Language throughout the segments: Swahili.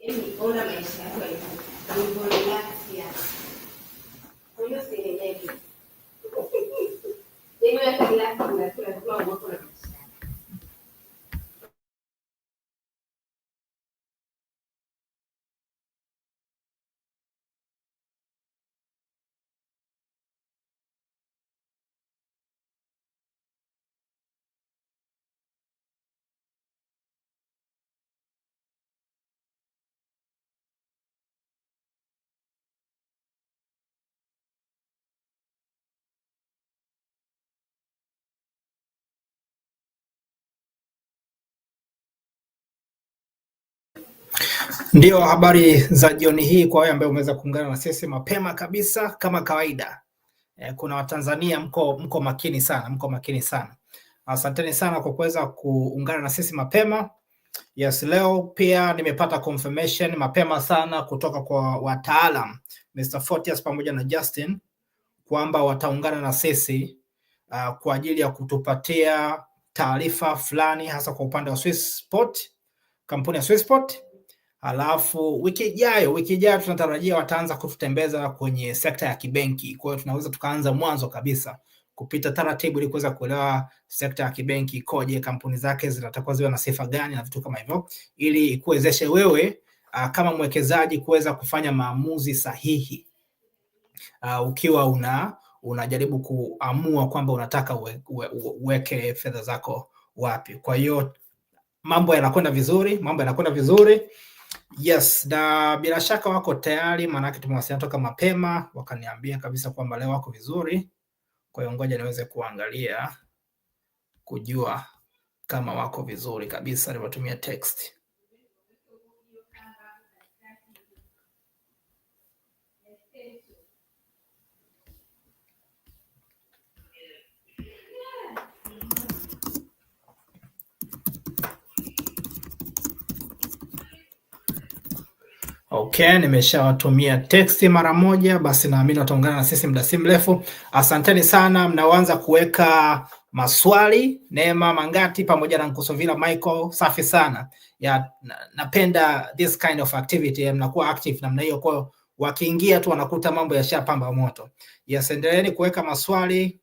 en mi mesa, pues, Ndio habari za jioni hii kwa wewe ambaye umeweza kuungana na sisi mapema kabisa kama kawaida. E, kuna Watanzania mko, mko makini sana, mko makini sana. Asanteni sana kwa kuweza kuungana na sisi mapema. Yes, leo pia nimepata confirmation mapema sana kutoka kwa wataalam Mr. Fortius pamoja na Justin kwamba wataungana na sisi uh, kwa ajili ya kutupatia taarifa fulani hasa kwa upande wa Swissport, kampuni ya Swissport Alafu wiki ijayo, wiki ijayo tunatarajia wataanza kututembeza kwenye sekta ya kibenki. Kwa hiyo tunaweza tukaanza mwanzo kabisa kupita taratibu ili kuweza kuelewa sekta ya kibenki ikoje, kampuni zake zinatakuwa ziwe na sifa gani na vitu kama hivyo, ili kuwezeshe wewe uh, kama mwekezaji kuweza kufanya maamuzi sahihi uh, ukiwa una unajaribu kuamua kwamba unataka uwe, we, uweke fedha zako wapi. Kwa hiyo mambo yanakwenda vizuri, mambo yanakwenda vizuri. Yes, na bila shaka wako tayari, maanake tumewasiliana toka mapema, wakaniambia kabisa kwamba leo wako vizuri. Kwa hiyo ngoja niweze kuangalia kujua kama wako vizuri kabisa, nilivyotumia text. Okay, nimeshawatumia text mara moja, basi naamini wataungana na sisi muda si mrefu. Asanteni sana mnaanza kuweka maswali. Neema Mangati pamoja na Nkosovila Michael, safi sana ya, napenda this kind of activity, mnakuwa active namna hiyo, kwa wakiingia tu wanakuta mambo yashapamba moto. Yes, endeleeni kuweka maswali,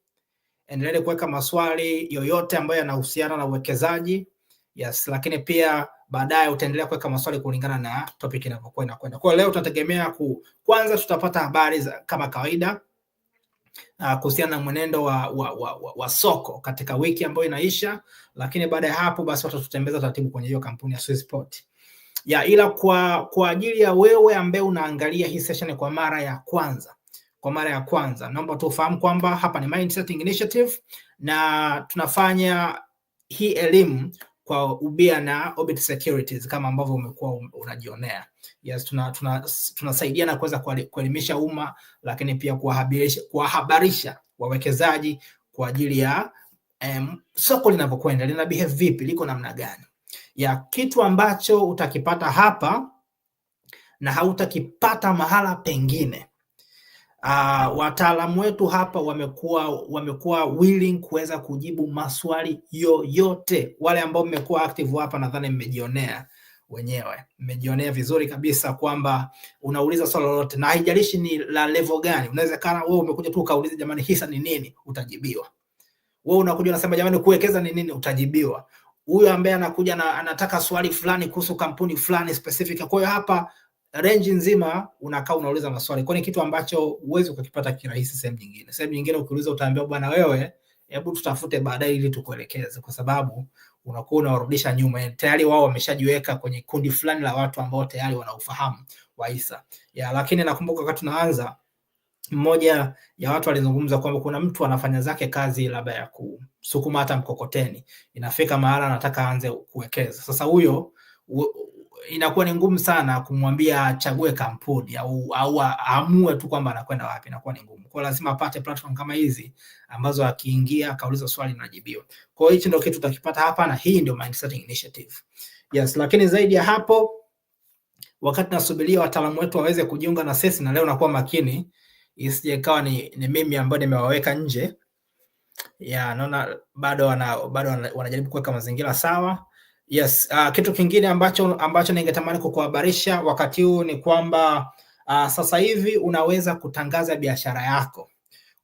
endeleeni kuweka maswali yoyote ambayo yanahusiana na uwekezaji. Yes, lakini pia baadaye utaendelea kuweka maswali kulingana na topic inavyokuwa inakwenda. Kwa leo tunategemea ku, kwanza tutapata habari za kama kawaida ah, kuhusiana na mwenendo wa, wa, wa, wa, wa soko katika wiki ambayo inaisha, lakini baada ya hapo basi watatutembeza taratibu kwenye hiyo kampuni ya Swissport ya ila kwa, kwa ajili ya wewe ambaye unaangalia hii session kwa mara ya kwanza kwa mara ya kwanza, naomba tu ufahamu kwamba hapa ni Mindset Initiative na tunafanya hii elimu kwa ubia na orbit securities kama ambavyo umekuwa unajionea. Yes, tunasaidiana tuna, tuna kuweza kuelimisha umma lakini pia kuwahabarisha wawekezaji kwa ajili ya um, soko linavyokwenda lina behave vipi, liko namna gani ya kitu ambacho utakipata hapa na hautakipata mahala pengine. Uh, wataalamu wetu hapa wamekuwa wamekuwa willing kuweza kujibu maswali yoyote. Wale ambao mmekuwa active hapa, nadhani mmejionea wenyewe, mmejionea vizuri kabisa kwamba unauliza swali lolote, na haijalishi ni la level gani. Unawezekana wewe umekuja tu ukauliza, jamani, hisa ni nini? Utajibiwa. Wewe unakuja unasema, jamani, kuwekeza ni nini? Utajibiwa. Huyo ambaye anakuja na anataka swali fulani kuhusu kampuni fulani specific. Kwa hiyo hapa range nzima unakaa unauliza maswali, ni kitu ambacho huwezi ukakipata kirahisi sehemu nyingine. Sehemu nyingine ukiuliza, utaambiwa bwana, wewe hebu tutafute baadaye ili tukuelekeze, kwa sababu unakuwa unawarudisha nyuma. Tayari wao wameshajiweka kwenye kundi fulani la watu ambao tayari wanaufahamu wa Isa. ya. Lakini nakumbuka wakati tunaanza, mmoja ya watu alizungumza kwamba kuna mtu anafanya zake kazi labda ya kusukuma hata mkokoteni, inafika mahala anataka aanze kuwekeza. Sasa huyo inakuwa ni ngumu sana kumwambia achague kampuni au au aamue tu kwamba anakwenda wapi, inakuwa ni ngumu. Kwa lazima apate platform kama hizi ambazo akiingia akauliza swali linajibiwa. Kwa hiyo hichi ndio kitu tutakipata hapa, na hii ndio Mindset Initiative. Yes, lakini zaidi ya hapo, wakati nasubiria wataalamu wetu waweze kujiunga na sesi, na leo nakuwa makini isije ikawa ni, ni mimi ambayo nimewaweka nje ya, naona bado wana, bado wanajaribu kuweka mazingira sawa Yes, uh, kitu kingine ambacho ambacho ningetamani kukuhabarisha wakati huu ni kwamba uh, sasa hivi unaweza kutangaza biashara yako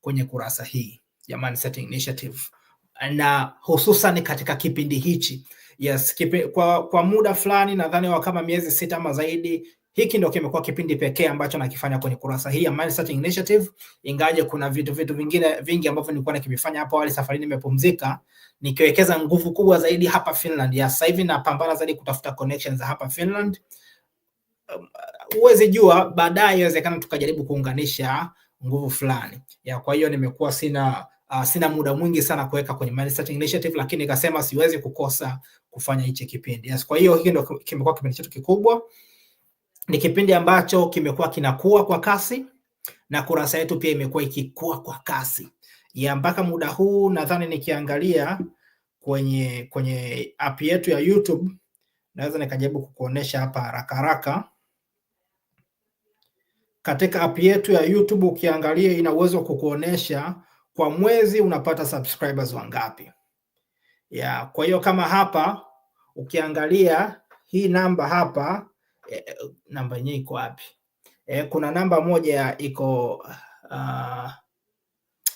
kwenye kurasa hii ya Moneysetting Initiative na hususan katika kipindi hichi. Yes, kipi, kwa, kwa muda fulani nadhani wa kama miezi sita ama zaidi hiki ndio kimekuwa kipindi pekee ambacho nakifanya kwenye kurasa hii ya Mind Searching Initiative, ingaje kuna vitu vitu vingine vingi ambavyo nilikuwa nikivifanya hapo awali. Safari nimepumzika nikiwekeza nguvu kubwa zaidi hapa Finland. Ya sasa hivi napambana zaidi kutafuta connections za hapa Finland. Huwezi jua baadaye inawezekana tukajaribu kuunganisha nguvu fulani ya. Kwa hiyo nimekuwa sina uh, sina muda mwingi sana kuweka kwenye Mind Searching Initiative, lakini nikasema siwezi kukosa kufanya hichi kipindi yes. Kwa hiyo hiki ndio kimekuwa kipindi chetu kikubwa ni kipindi ambacho kimekuwa kinakua kwa kasi na kurasa yetu pia imekuwa ikikua kwa kasi ya mpaka muda huu. Nadhani nikiangalia kwenye kwenye app yetu ya YouTube naweza nikajaribu kukuonesha hapa haraka haraka. Katika app yetu ya YouTube ukiangalia, ina uwezo wa kukuonesha kwa mwezi unapata subscribers wangapi. Ya, kwa hiyo kama hapa ukiangalia hii namba hapa Eh, namba yenyewe iko wapi? E, kuna namba moja iko uh,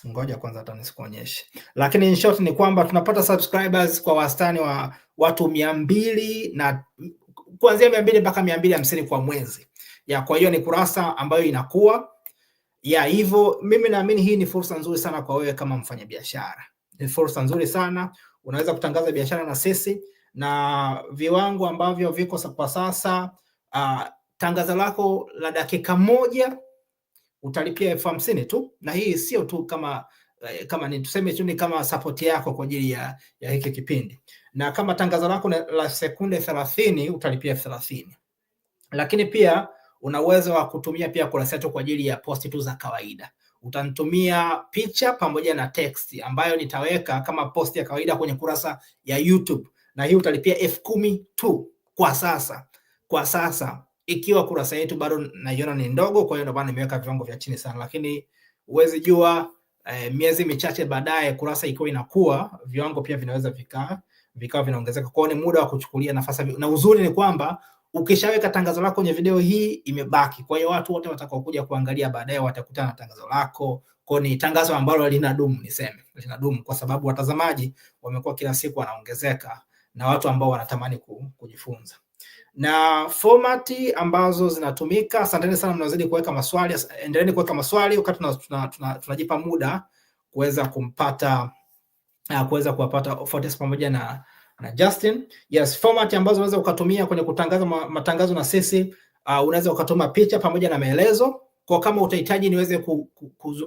ngoja kwanza hata nisikuonyeshe, lakini in short ni kwamba tunapata subscribers kwa wastani wa watu mia mbili na kuanzia mia mbili mpaka mia mbili hamsini kwa mwezi ya. Kwa hiyo ni kurasa ambayo inakuwa ya hivyo. Mimi naamini hii ni fursa nzuri sana kwa wewe kama mfanyabiashara, ni fursa nzuri sana unaweza kutangaza biashara na sisi, na viwango ambavyo viko kwa sasa uh, tangazo lako la dakika moja utalipia elfu hamsini tu, na hii sio tu kama eh, kama ni tuseme tu ni kama support yako kwa ajili ya, ya hiki kipindi, na kama tangazo lako la sekunde thelathini utalipia elfu thelathini lakini pia una uwezo wa kutumia pia kurasa yetu kwa ajili ya posti tu za kawaida. Utanitumia picha pamoja na text ambayo nitaweka kama posti ya kawaida kwenye kurasa ya YouTube, na hii utalipia elfu kumi tu kwa sasa kwa sasa, ikiwa kurasa yetu bado naiona ni ndogo, kwa hiyo ndio maana nimeweka viwango vya chini sana, lakini huwezi jua eh, miezi michache baadaye kurasa ikiwa inakuwa, viwango pia vinaweza vikaa vikao vinaongezeka. Kwa hiyo ni muda wa kuchukulia nafasi, na uzuri ni kwamba ukishaweka tangazo lako kwenye video hii imebaki. Kwa hiyo watu wote watakaokuja kuangalia baadaye watakutana na tangazo lako. Kwa ni tangazo ambalo linadumu, niseme linadumu, kwa sababu watazamaji wamekuwa kila siku wanaongezeka na watu ambao wanatamani kujifunza na fomati ambazo zinatumika. Asanteni sana, mnazidi kuweka maswali, endeleeni kuweka maswali wakati tunajipa tuna, tuna, tuna muda kuweza kumpata ah, kuweza kuwapata Fortis pamoja na, na Justin. Yes, format ambazo unaweza ukatumia kwenye kutangaza matangazo na sisi uh, unaweza ukatuma picha pamoja na maelezo kwa kama utahitaji niweze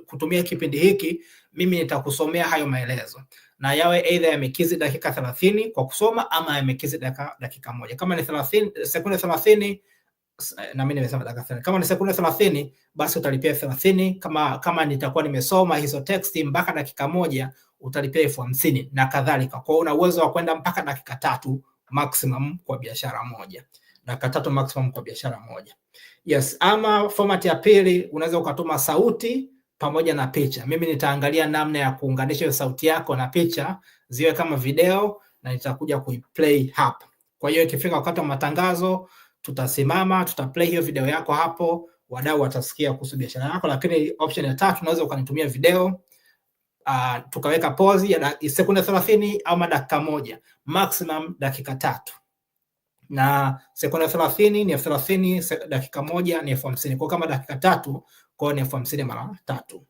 kutumia kipindi hiki, mimi nitakusomea hayo maelezo na yawe aidha yamekizi dakika thelathini kwa kusoma ama yamekizi dakika, dakika moja. Kama ni sekunde thelathini eh, na mimi nimesema dakika thelathini. Kama ni sekunde thelathini basi utalipia thelathini. Kama, kama nitakuwa nimesoma hizo teksti mpaka dakika moja utalipia elfu hamsini na kadhalika. Kwa hiyo una uwezo wa kwenda mpaka dakika tatu maximum kwa biashara moja dakika tatu maximum kwa biashara moja. Yes, ama format ya pili unaweza ukatuma sauti pamoja na picha. Mimi nitaangalia namna ya kuunganisha hiyo sauti yako na picha ziwe kama video na nitakuja kuiplay hapa. Kwa hiyo ikifika wakati wa matangazo tutasimama, tutaplay hiyo video yako hapo, wadau watasikia kuhusu biashara yako. Lakini option ya tatu unaweza ukanitumia video uh, tukaweka pause ya sekunde 30 au dakika moja maximum dakika tatu na sekunde thelathini ni elfu thelathini dakika moja ni elfu hamsini kwa kama dakika tatu kwao ni elfu hamsini mara tatu.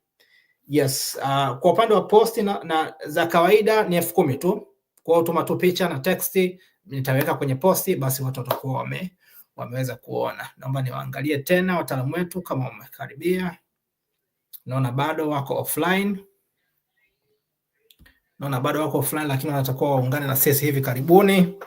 Yes, uh, kwa upande wa posti na, na za kawaida ni elfu kumi tu kwao, tuma tu picha na teksti nitaweka kwenye posti, basi watu watakuwa wame, wameweza kuona. Naomba niwaangalie tena wataalamu wetu kama wamekaribia. Naona bado wako offline, naona bado wako offline, lakini wanatakuwa waungane na sisi hivi karibuni.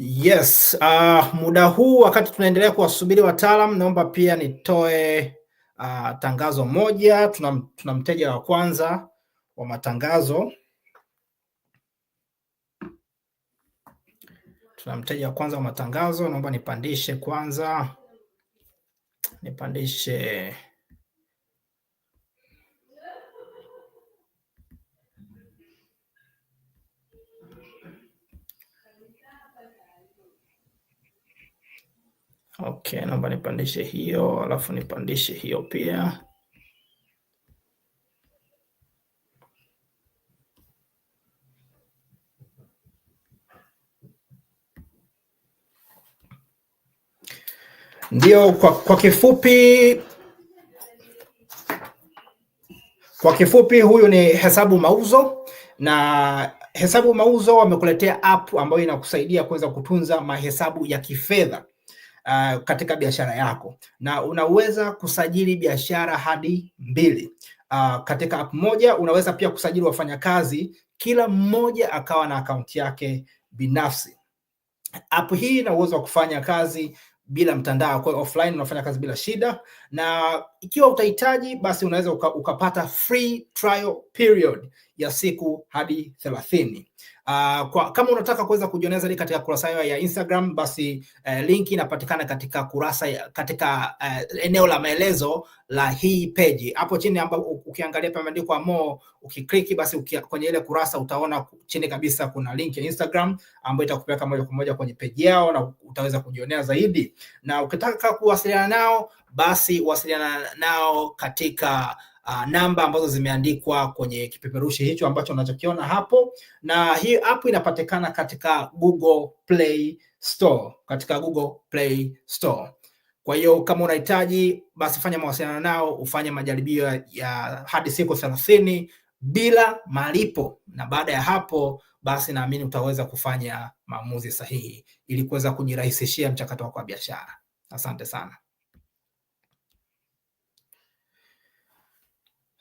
Yes, uh, muda huu wakati tunaendelea kuwasubiri wataalam, naomba pia nitoe uh, tangazo moja. Tuna, tuna mteja wa kwanza wa matangazo, tuna mteja wa kwanza wa matangazo. Naomba nipandishe kwanza, nipandishe Okay, naomba nipandishe hiyo alafu nipandishe hiyo pia. Ndio, kwa, kwa kifupi kwa kifupi huyu ni hesabu mauzo, na hesabu mauzo wamekuletea app ambayo inakusaidia kuweza kutunza mahesabu ya kifedha uh, katika biashara yako na unaweza kusajili biashara hadi mbili uh, katika app moja. Unaweza pia kusajili wafanyakazi, kila mmoja akawa na akaunti yake binafsi. App hii ina uwezo wa kufanya kazi bila mtandao, kwa offline unafanya kazi bila shida, na ikiwa utahitaji basi unaweza uka, ukapata free trial period ya siku hadi thelathini. Uh, kwa, kama unataka kuweza kujionea zaidi katika kurasa hiyo ya Instagram basi uh, linki inapatikana katika kurasa ya, katika uh, eneo la maelezo la hii peji hapo chini, ambapo ukiangalia pameandikwa mo ukiklik basi ukia, kwenye ile kurasa utaona chini kabisa kuna link ya Instagram ambayo itakupeleka moja kwa moja kwenye peji yao na utaweza kujionea zaidi, na ukitaka kuwasiliana nao basi wasiliana nao katika uh, namba ambazo zimeandikwa kwenye kipeperushi hicho ambacho unachokiona hapo, na hii app inapatikana katika Google Play Store, katika Google Play Store. Kwa hiyo kama unahitaji basi fanya mawasiliano nao, ufanye majaribio ya hadi siku thelathini bila malipo, na baada ya hapo basi naamini utaweza kufanya maamuzi sahihi ili kuweza kujirahisishia mchakato wako wa biashara. Asante sana.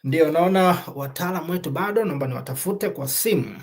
Ndio naona wataalamu wetu bado, naomba niwatafute kwa simu.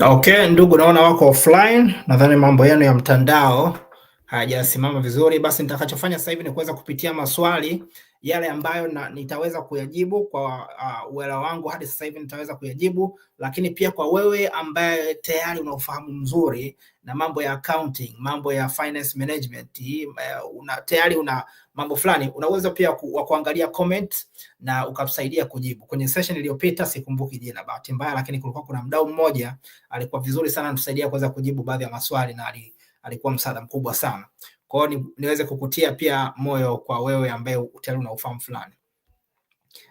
Okay, ndugu naona wako offline, nadhani mambo yenu ya mtandao hajasimama vizuri, basi nitakachofanya sasa hivi ni kuweza kupitia maswali yale ambayo na, nitaweza kuyajibu kwa uh, uelewa wangu hadi sasa hivi nitaweza kuyajibu, lakini pia kwa wewe ambaye tayari una ufahamu mzuri na mambo ya accounting, mambo ya finance management, eh, una tayari una mambo fulani, unaweza pia ku, wa kuangalia comment na ukatusaidia kujibu. Kwenye session iliyopita sikumbuki jina bahati mbaya, lakini kulikuwa kuna mdau mmoja alikuwa vizuri sana anatusaidia kuweza kujibu baadhi ya maswali na alikuwa alikuwa msaada mkubwa sana. Kwa hiyo ni, niweze kukutia pia moyo kwa wewe ambaye tayari una ufahamu fulani.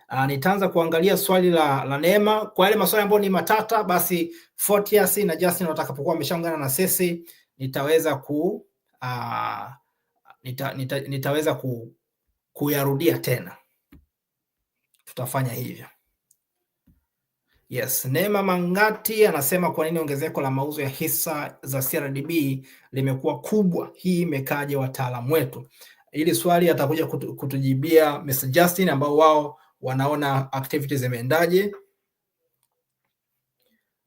Uh, nitaanza kuangalia swali la, la Neema. Kwa yale maswali ambayo ni matata, basi Fortius na Justin watakapokuwa wameshaungana na sisi nitaweza ku uh, nita, nita, nitaweza ku, kuyarudia tena, tutafanya hivyo. Yes, Neema Mangati anasema kwa nini ongezeko la mauzo ya hisa za CRDB limekuwa kubwa? Hii imekaje wataalamu wetu? Hili swali atakuja kutu, kutujibia Mr. Justin ambao wao wanaona activities zimeendaje.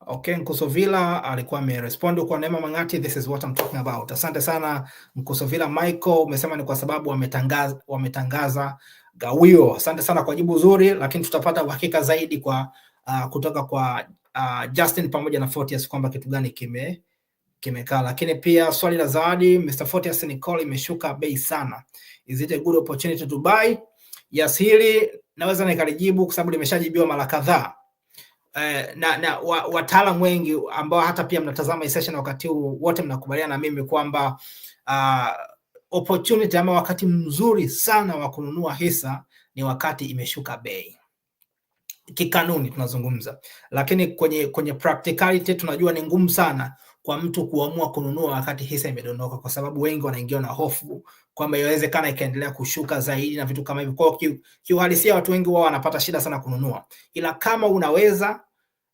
Okay, Nkosovila alikuwa amerespond kwa Neema Mangati, this is what I'm talking about. Asante sana Nkosovila Michael, umesema ni kwa sababu wametangaza wametangaza gawio. Asante sana kwa jibu zuri, lakini tutapata uhakika zaidi kwa uh, kutoka kwa uh, Justin pamoja na Fortius kwamba kitu gani kime kimekaa, lakini pia swali la zawadi, Mr Fortius ni call imeshuka bei sana, is it a good opportunity to buy? Yes, hili naweza nikalijibu kwa sababu limeshajibiwa mara kadhaa eh, na, na wataalamu wengi ambao hata pia mnatazama hii session wakati huu wote mnakubaliana na mimi kwamba uh, opportunity ama wakati mzuri sana wa kununua hisa ni wakati imeshuka bei kikanuni tunazungumza, lakini kwenye kwenye practicality tunajua ni ngumu sana kwa mtu kuamua kununua wakati hisa imedondoka, kwa sababu wengi wanaingiwa na hofu kwamba iwezekana ikaendelea kushuka zaidi na vitu kama hivyo. Kwa kiuhalisia, watu wengi wao wanapata shida sana kununua, ila kama unaweza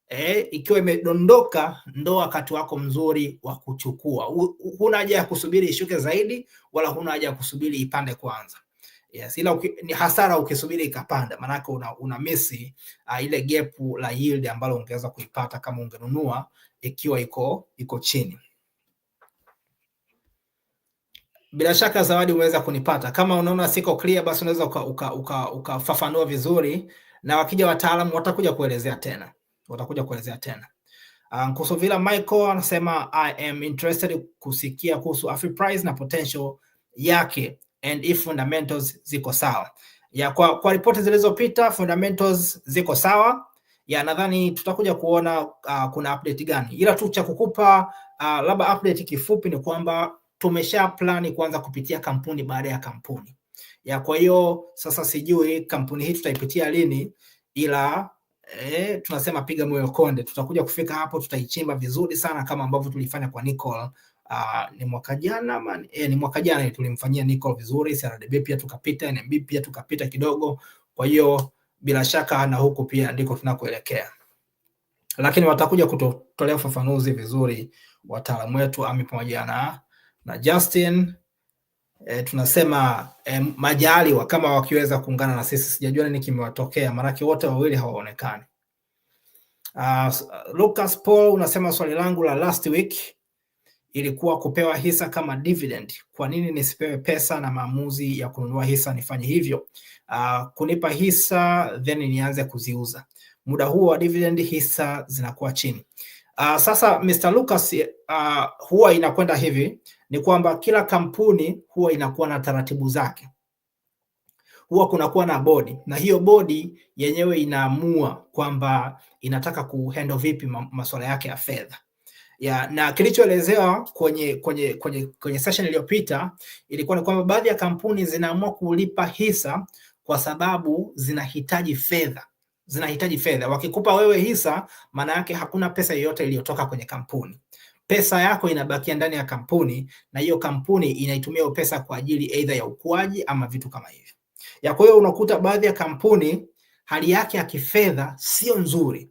eh, ikiwa imedondoka ndo wakati wako mzuri wa kuchukua. Huna haja ya kusubiri ishuke zaidi, wala huna haja ya kusubiri ipande kwanza. Yes, ila uki, ni hasara ukisubiri ikapanda, maanake una, una misi uh, ah, ile gepu la yield ambalo ungeweza kuipata kama ungenunua ikiwa iko iko chini. Bila shaka Zawadi umeweza kunipata. Kama unaona siko clear, basi unaweza ukafafanua uka, uka, uka vizuri, na wakija wataalamu watakuja kuelezea tena, watakuja kuelezea tena. Ah, Nkuso vila Michael anasema I am interested kusikia kuhusu Afriprice na potential yake and if fundamentals ziko sawa ya, kwa, kwa ripoti zilizopita fundamentals ziko sawa ya, nadhani tutakuja kuona uh, kuna update gani, ila tu cha kukupa uh, labda update kifupi ni kwamba tumesha plani kuanza kupitia kampuni baada ya kampuni ya, kwa hiyo sasa sijui kampuni hii tutaipitia lini, ila E, tunasema piga moyo konde, tutakuja kufika hapo, tutaichimba vizuri sana kama ambavyo tulifanya kwa Nicole Uh, ni mwaka jana man, eh, ni mwaka jana tulimfanyia niko vizuri, CRDB pia tukapita, NMB pia tukapita kidogo. Kwa hiyo bila shaka na huku pia ndiko tunakoelekea, lakini watakuja kutolea ufafanuzi vizuri wataalamu wetu Ami pamoja na na Justin. E, tunasema e, majaliwa kama wakiweza kuungana na sisi, sijajua nini kimewatokea, maanake wote wawili hawaonekani. Uh, Lucas Paul unasema swali langu la last week ilikuwa kupewa hisa kama dividend. Kwa nini nisipewe pesa na maamuzi ya kununua hisa nifanye hivyo? Uh, kunipa hisa then nianze kuziuza, muda huo wa dividend hisa zinakuwa chini. Uh, sasa Mr. Lucas, uh, huwa inakwenda hivi ni kwamba kila kampuni huwa inakuwa na taratibu zake, huwa kunakuwa na bodi na hiyo bodi yenyewe inaamua kwamba inataka kuhandle vipi masuala yake ya fedha ya, na kilichoelezewa kwenye kwenye kwenye kwenye session iliyopita ilikuwa ni kwamba baadhi ya kampuni zinaamua kulipa hisa kwa sababu zinahitaji fedha zinahitaji fedha. Wakikupa wewe hisa, maana yake hakuna pesa yoyote iliyotoka kwenye kampuni. Pesa yako inabakia ndani ya kampuni, na hiyo kampuni inaitumia pesa kwa ajili aidha ya ukuaji ama vitu kama hivyo. Ya kwa hiyo unakuta baadhi ya kampuni hali yake ya kifedha sio nzuri,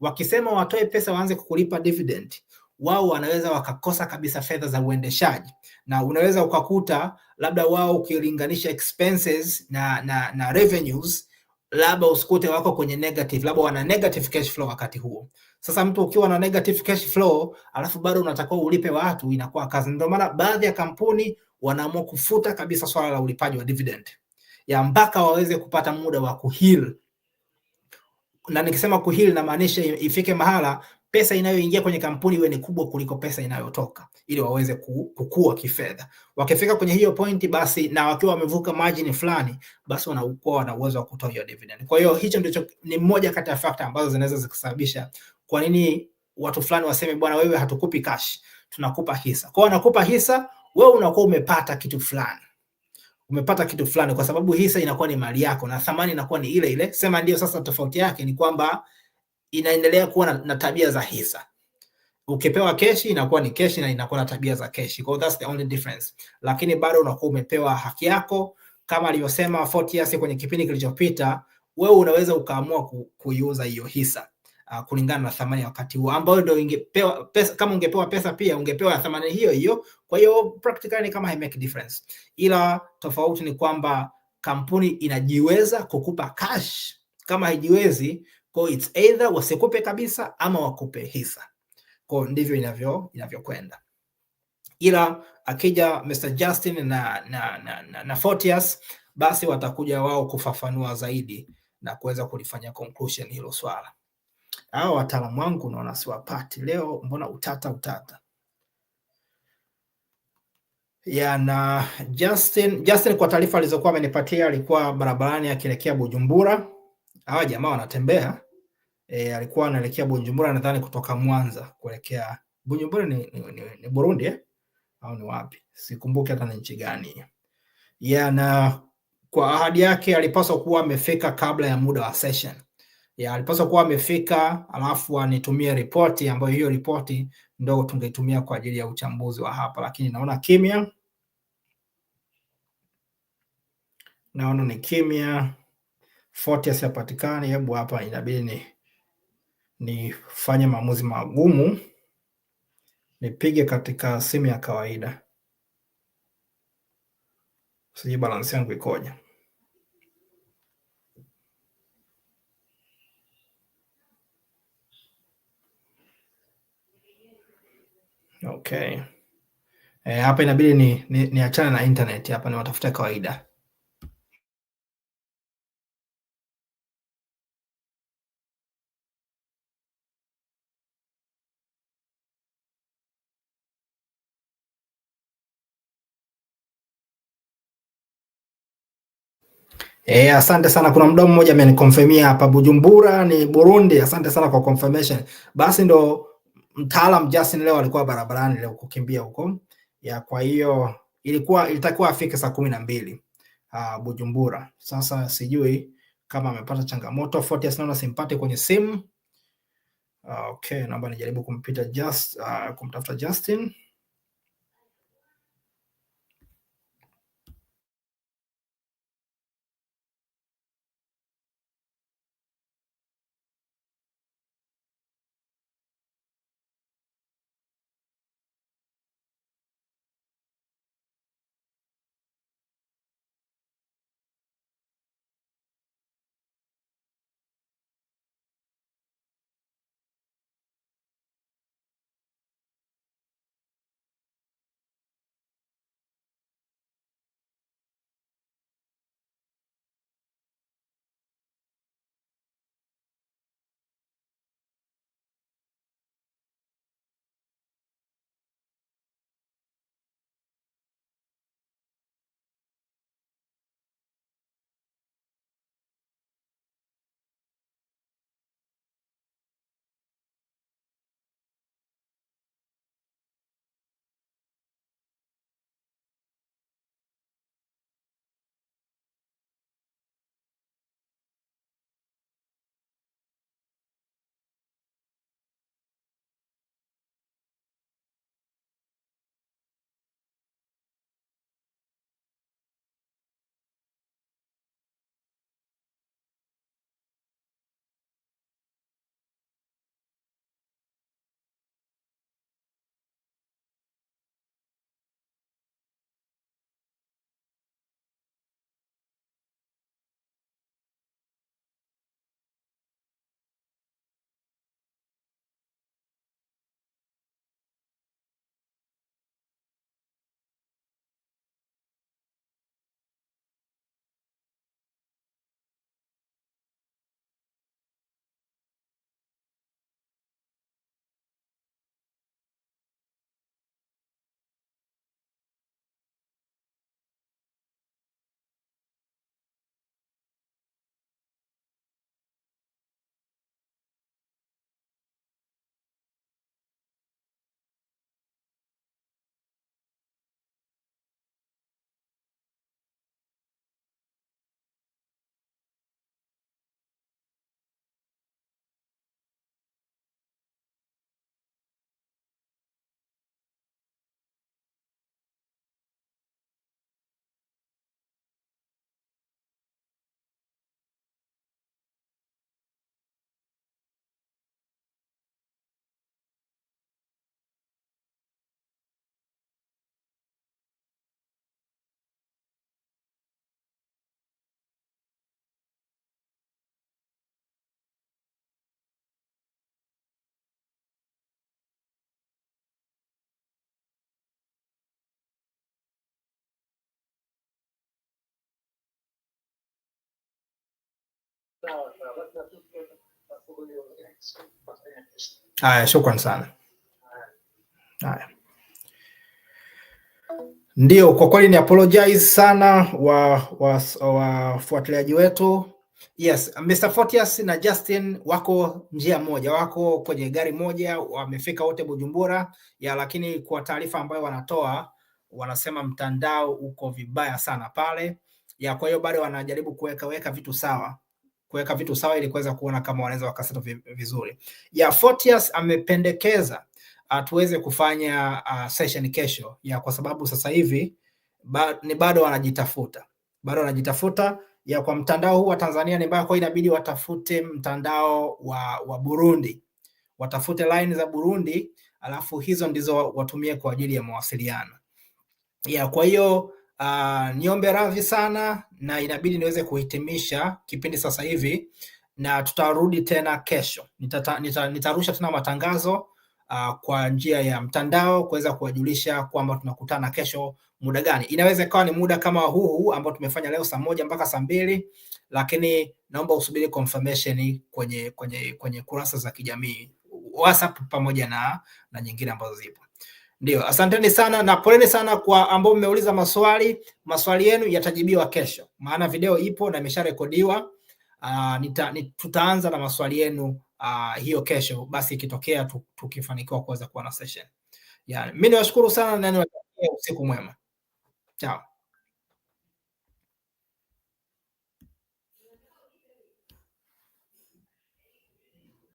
wakisema watoe pesa waanze kukulipa dividend, wao wanaweza wakakosa kabisa fedha za uendeshaji, na unaweza ukakuta labda wao ukilinganisha expenses na, na, na revenues labda usikute wako kwenye negative, labda wana negative cash flow wakati huo. Sasa mtu ukiwa na negative cash flow alafu bado unatakiwa ulipe watu, inakuwa kazi. Ndio maana baadhi ya kampuni wanaamua kufuta kabisa swala la ulipaji wa dividend ya mpaka waweze kupata muda wa kuheal na nikisema kuhili namaanisha ifike mahala pesa inayoingia kwenye kampuni iwe ni kubwa kuliko pesa inayotoka ili waweze kukua kifedha. Wakifika kwenye hiyo pointi, basi na wakiwa wamevuka margin fulani, basi wanakuwa wana uwezo wa kutoa hiyo dividend. Kwa hiyo hicho ndicho ni moja kati ya factor ambazo zinaweza zikusababisha kwa nini watu fulani waseme, bwana, wewe hatukupi cash, tunakupa hisa. Kwa wanakupa hisa, wewe unakuwa umepata kitu fulani umepata kitu fulani, kwa sababu hisa inakuwa ni mali yako na thamani inakuwa ni ile ile. Sema ndio. Sasa tofauti yake ni kwamba inaendelea kuwa na, na tabia za hisa. Ukipewa keshi inakuwa ni keshi na inakuwa na tabia za keshi, So that's the only difference, lakini bado unakuwa umepewa haki yako kama alivyosema Fortius kwenye kipindi kilichopita, wewe unaweza ukaamua ku, kuiuza hiyo hisa uh, kulingana na thamani ya wakati huo ambayo ndio ungepewa pesa. Kama ungepewa pesa pia ungepewa thamani hiyo hiyo, kwa hiyo practically kama hai make difference, ila tofauti ni kwamba kampuni inajiweza kukupa cash. Kama haijiwezi kwa it's either wasikupe kabisa ama wakupe hisa. Kwa ndivyo inavyo inavyokwenda. Ila akija Mr. Justin na na, na, na, na Fortius basi watakuja wao kufafanua zaidi na kuweza kulifanya conclusion hilo swala. Hao wataalamu wangu naona siwapati leo, mbona utata utata ya na Justin. Justin, kwa taarifa alizokuwa amenipatia alikuwa barabarani akielekea Bujumbura hawa jamaa wanatembea e, alikuwa anaelekea Bujumbura nadhani kutoka Mwanza kuelekea Bujumbura ni, ni, ni, ni Burundi eh? au ni wapi sikumbuki hata ni nchi gani yeah, na kwa ahadi yake alipaswa kuwa amefika kabla ya muda wa session ya alipaswa kuwa amefika alafu anitumie ripoti ambayo hiyo ripoti ndo tungeitumia kwa ajili ya uchambuzi wa hapa lakini naona kimya naona ni kimya Fortius asiyapatikani hebu hapa inabidi ni nifanye maamuzi magumu, nipige katika simu ya kawaida. Sijui balansi yangu ikoje. Okay. E, hapa inabidi niachane ni, ni na internet hapa niwatafute kawaida. E, asante sana. Kuna mdau mmoja amenikonfirmia hapa Bujumbura ni Burundi. Asante sana kwa confirmation. Basi ndo mtaalam Justin leo alikuwa barabarani leo kukimbia huko. Ya kwa hiyo ilikuwa ilitakiwa afike saa kumi na mbili uh, Bujumbura. Sasa sijui kama amepata changamoto yes, naona simpate kwenye simu. Ah, okay, naomba nijaribu kumpita just, uh, kumtafuta Justin. Haya, shukran sana. Haya, ndio kwa kweli ni apologize sana wafuatiliaji wa, wa wetu. Yes, Mr. Fortius na Justin wako njia moja, wako kwenye gari moja, wamefika wote Bujumbura ya, lakini kwa taarifa ambayo wanatoa wanasema mtandao uko vibaya sana pale ya, kwa hiyo bado wanajaribu kuwekaweka vitu sawa kuweka vitu sawa ili kuweza kuona kama wanaweza wakasettle vizuri. ya Fortius amependekeza uh, tuweze kufanya uh, session kesho ya kwa sababu sasa hivi ba, ni bado wanajitafuta bado wanajitafuta ya kwa mtandao huu wa Tanzania ni mbaya, kwa inabidi watafute mtandao wa, wa Burundi, watafute line za Burundi alafu hizo ndizo watumie kwa ajili ya mawasiliano ya kwa hiyo Uh, niombe radhi sana na inabidi niweze kuhitimisha kipindi sasa hivi na tutarudi tena kesho. Nitata, nita, nitarusha tena matangazo uh, kwa njia ya mtandao kuweza kuwajulisha kwamba tunakutana kesho muda gani. Inaweza ikawa ni muda kama huu ambao tumefanya leo saa moja mpaka saa mbili, lakini naomba usubiri confirmation kwenye kwenye kwenye kurasa za kijamii WhatsApp pamoja na na nyingine ambazo zipo. Ndio, asanteni sana na poleni sana kwa ambao mmeuliza maswali. Maswali yenu yatajibiwa kesho, maana video ipo na imesharekodiwa. Ah, tutaanza na maswali yenu ah, hiyo kesho basi, ikitokea tukifanikiwa kuweza kuwa na session. Yani, mimi niwashukuru sana na niwatakie usiku mwema. Chao.